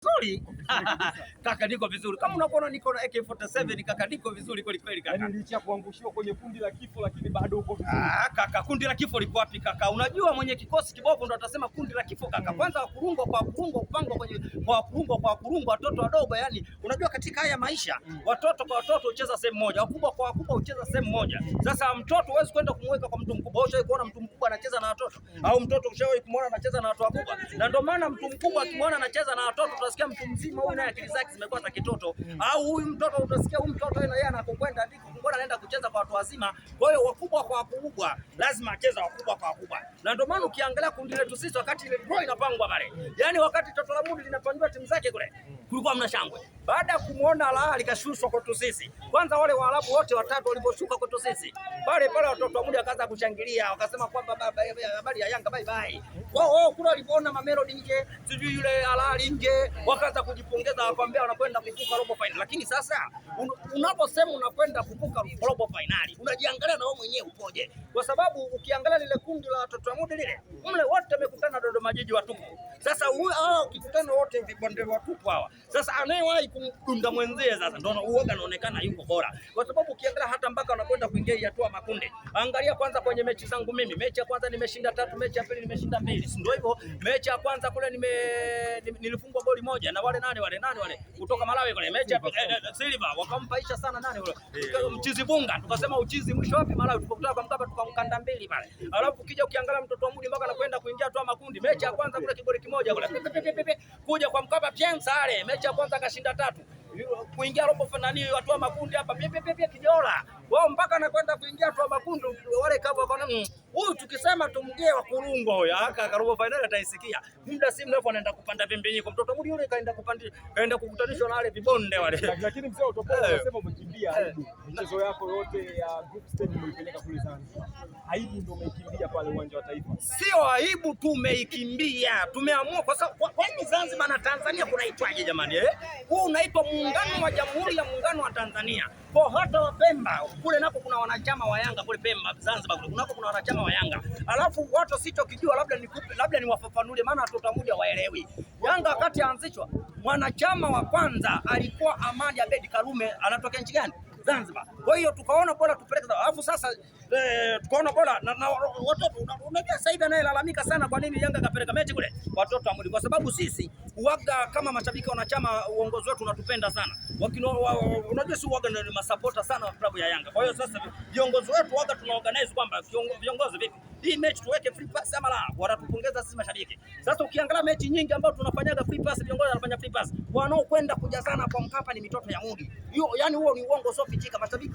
Vizuri. Kaka niko vizuri. Kama unakuona niko na AK47 mm. kaka niko vizuri kweli kweli kaka. Yaani licha kuangushiwa kwenye kundi la kifo lakini bado uko vizuri. Ah, kaka kundi la kifo liko wapi kaka? Unajua mwenye kikosi kibovu ndo atasema kundi la kifo kaka. Mm. Kwanza wakurungwa kwa kurungwa kupangwa kwenye kwa kurungwa kwa kurungwa watoto wadogo yani unajua katika haya maisha mm. watoto kwa watoto hucheza sehemu moja, wakubwa kwa wakubwa hucheza sehemu moja. Sasa mtoto huwezi kwenda kumweka kwa mtu mkubwa. Ushawahi kuona mtu mkubwa anacheza na watoto? Au mtoto ushawahi kumwona anacheza na watu wakubwa? Na ndio maana mtu mkubwa akimwona anacheza na watoto utasikia mtu mzima huyu naye akili zake zimekuwa za kitoto, au huyu mtoto utasikia huyu mtoto yeye anakokwenda ndiko kungora, anaenda kucheza kwa watu wazima. Kwa hiyo wakubwa kwa wakubwa lazima acheza wakubwa kwa wakubwa, na ndio maana ukiangalia kundi letu sisi, wakati ile draw inapangwa pale, yani wakati toto la mundi linapangiwa timu zake kule kulikuwa mna shangwe. Baada ya kumwona Alaa alikashushwa kwetu sisi, kwanza wale Waarabu wote watatu waliposhuka kwetu sisi pale pale, watoto wa muda wakaanza kushangilia, wakasema kwamba habari ya Yanga bye bye. Wao wao kule walipoona Mamelodi nje, sijui yule Alaa nje, wakaanza kujipongeza, wakamwambia wanakwenda kuvuka robo final. Lakini sasa unaposema unakwenda kuvuka robo final, unajiangalia na wewe mwenyewe upoje? Kwa sababu ukiangalia lile kundi la watoto wa muda lile, mle wote wamekutana Dodoma Jiji watupu. Sasa huyu hao ah, ukikutana wote vibonde watupu hawa sasa anayewahi kumdunda mwenzie sasa ndio na uoga anaonekana yuko bora, kwa sababu ukiangalia hata mpaka anakwenda kuingia hatua makunde. Angalia kwanza kwenye mechi zangu mimi, mechi ya kwanza nimeshinda tatu, mechi ya pili nimeshinda mbili, si ndio hivyo? Mechi ya kwanza kule nime nilifungwa goli moja na wale nani wale nani wale kutoka Malawi kule, mechi ya Silva eh, eh, wakampaisha sana nani wale eh. mchizi bunga, tukasema uchizi mwisho wapi Malawi, tukakutana kwa Mkapa tukamkanda mbili pale. Alafu kija ukiangalia mtoto wa Mudi mpaka anakwenda kuingia hatua makundi, mechi ya kwanza kule kigoli kimoja kule kuja kwa Mkapa pia sare mechi ya kwanza akashinda tatu, kuingia robo finali watu wa makundi hapa pia pia pia kijola wao mpaka anakwenda kuingia watu wa makundi wale kama wakaona mm huyu tukisema tumgee wa kurungo huyo aka robo finali ataisikia. Muda si mrefu anaenda kupanda pembeni kwa mtoto mmoja yule kaenda kupanda kaenda kukutanishwa na wale vibonde wale. Lakini mzee utopoa eh. unasema umekimbia eh. aibu. Mchezo yako yote ya group stage umeipeleka kule Zanzibar. Aibu ndio umekimbia pale uwanja wa Taifa. Sio aibu tu umeikimbia. Tumeamua kwa sababu kwa nini Zanzibar na Tanzania kunaitwaje jamani eh? Huu unaitwa muungano wa Jamhuri ya Muungano wa Tanzania. Kwa hata wa Pemba kule nako kuna wanachama wa Yanga kule Pemba Zanzibar kule nako kuna wanachama wa Yanga. Yanga. Alafu watu sichokijua, labda nikupe, labda niwafafanulie, maana watu wa waelewi. Yanga wakati anzishwa, mwanachama wa kwanza alikuwa Amadi Abedi Karume, anatokea nchi gani? Zanzibar. Kwa hiyo tukaona bora tupeleke, alafu sasa e, tukaona bora na, na watoto unajua sasa hivi lalamika sana kwa nini Yanga kapeleka mechi kule watoto wa amuli, kwa sababu sisi uwaga kama mashabiki wanachama uongozi wetu unatupenda sana wakino, wa, unajua si uwaga ni masupporta sana wa klabu ya Yanga. Kwa hiyo sasa viongozi wetu waga tunaorganize kwamba viongozi vipi hii mechi tuweke free pass ama la, watatupongeza sisi mashabiki. Sasa ukiangalia mechi nyingi ambazo tunafanyaga free pass, viongozi wanafanya free pass, wanaokwenda kujazana kwa Mkapa ni mitoto ya ngudi hiyo, yani huo ni uongo sio a Pichika Masabik.